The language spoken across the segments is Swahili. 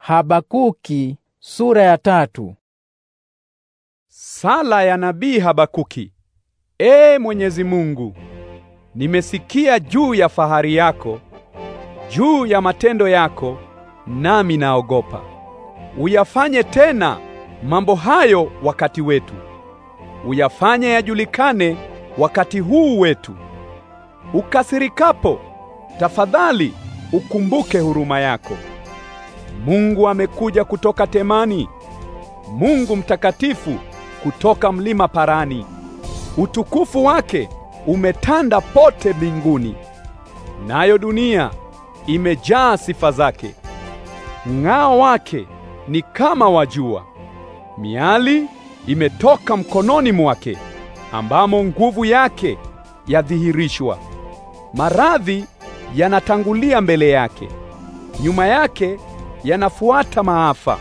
Habakuki sura ya tatu. Sala ya nabii Habakuki. Ee Mwenyezi Mungu, nimesikia juu ya fahari yako, juu ya matendo yako, nami naogopa. Uyafanye tena mambo hayo wakati wetu. Uyafanye yajulikane wakati huu wetu. Ukasirikapo, tafadhali ukumbuke huruma yako. Mungu amekuja kutoka Temani, Mungu mtakatifu kutoka mlima Parani. Utukufu wake umetanda pote mbinguni, nayo dunia imejaa sifa zake. Ng'ao wake ni kama wajua, miali imetoka mkononi mwake, ambamo nguvu yake yadhihirishwa. Maradhi yanatangulia mbele yake, nyuma yake yanafuata maafa.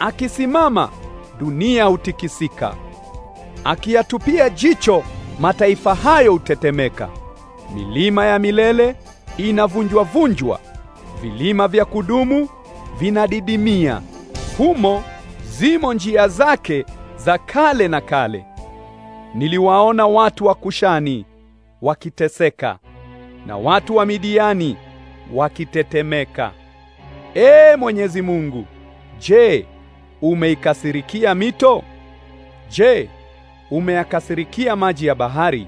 Akisimama dunia hutikisika, akiyatupia jicho mataifa hayo hutetemeka. Milima ya milele inavunjwa-vunjwa, vilima vya kudumu vinadidimia. Humo zimo njia zake za kale na kale. Niliwaona watu wa Kushani wakiteseka na watu wa Midiani wakitetemeka. Ee Mwenyezi Mungu, je, umeikasirikia mito? Je, umeyakasirikia maji ya bahari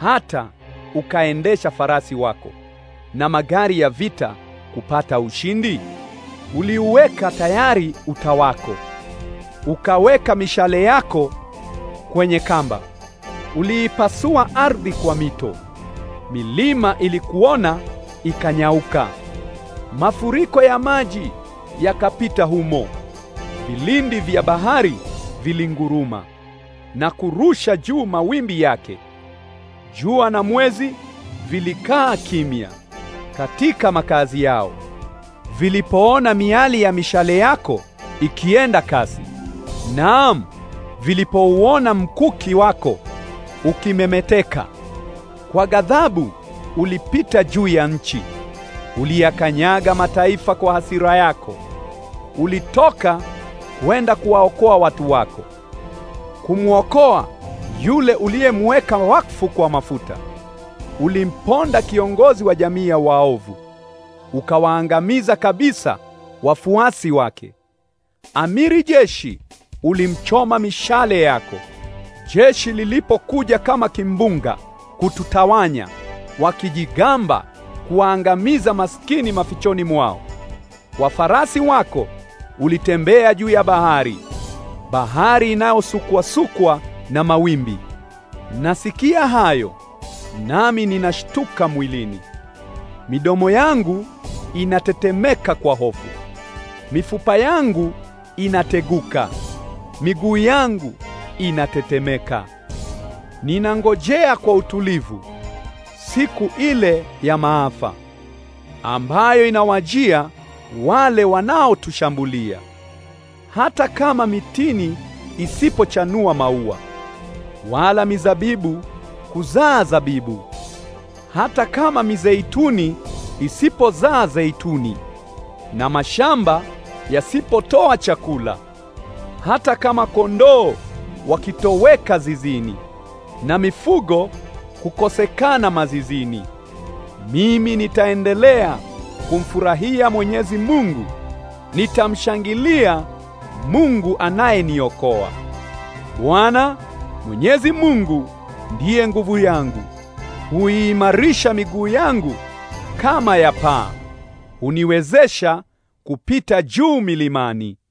hata ukaendesha farasi wako na magari ya vita kupata ushindi? Uliuweka tayari uta wako, ukaweka mishale yako kwenye kamba. Uliipasua ardhi kwa mito, milima ilikuona ikanyauka. Mafuriko ya maji yakapita humo, vilindi vya bahari vilinguruma na kurusha juu mawimbi yake. Jua na mwezi vilikaa kimya katika makazi yao vilipoona miali ya mishale yako ikienda kasi. Naam, vilipouona mkuki wako ukimemeteka. Kwa ghadhabu ulipita juu ya nchi. Uliyakanyaga mataifa kwa hasira yako, ulitoka kwenda kuwaokoa watu wako, kumwokoa yule uliyemweka wakfu kwa mafuta. Ulimponda kiongozi wa jamii ya waovu, ukawaangamiza kabisa wafuasi wake. Amiri jeshi ulimchoma mishale yako. Jeshi lilipokuja kama kimbunga kututawanya, wakijigamba kuwaangamiza maskini mafichoni mwao. Kwa farasi wako ulitembea juu ya bahari, bahari inayosukwasukwa na mawimbi. Nasikia hayo, nami ninashtuka mwilini. Midomo yangu inatetemeka kwa hofu, mifupa yangu inateguka, miguu yangu inatetemeka. Ninangojea kwa utulivu siku ile ya maafa ambayo inawajia wale wanaotushambulia. Hata kama mitini isipochanua maua wala mizabibu kuzaa zabibu, hata kama mizeituni isipozaa zeituni na mashamba yasipotoa chakula, hata kama kondoo wakitoweka zizini na mifugo kukosekana mazizini. Mimi nitaendelea kumfurahia Mwenyezi Mungu, nitamshangilia Mungu anayeniokoa. Bwana Mwenyezi Mungu ndiye nguvu yangu, huiimarisha miguu yangu kama ya paa, huniwezesha kupita juu milimani.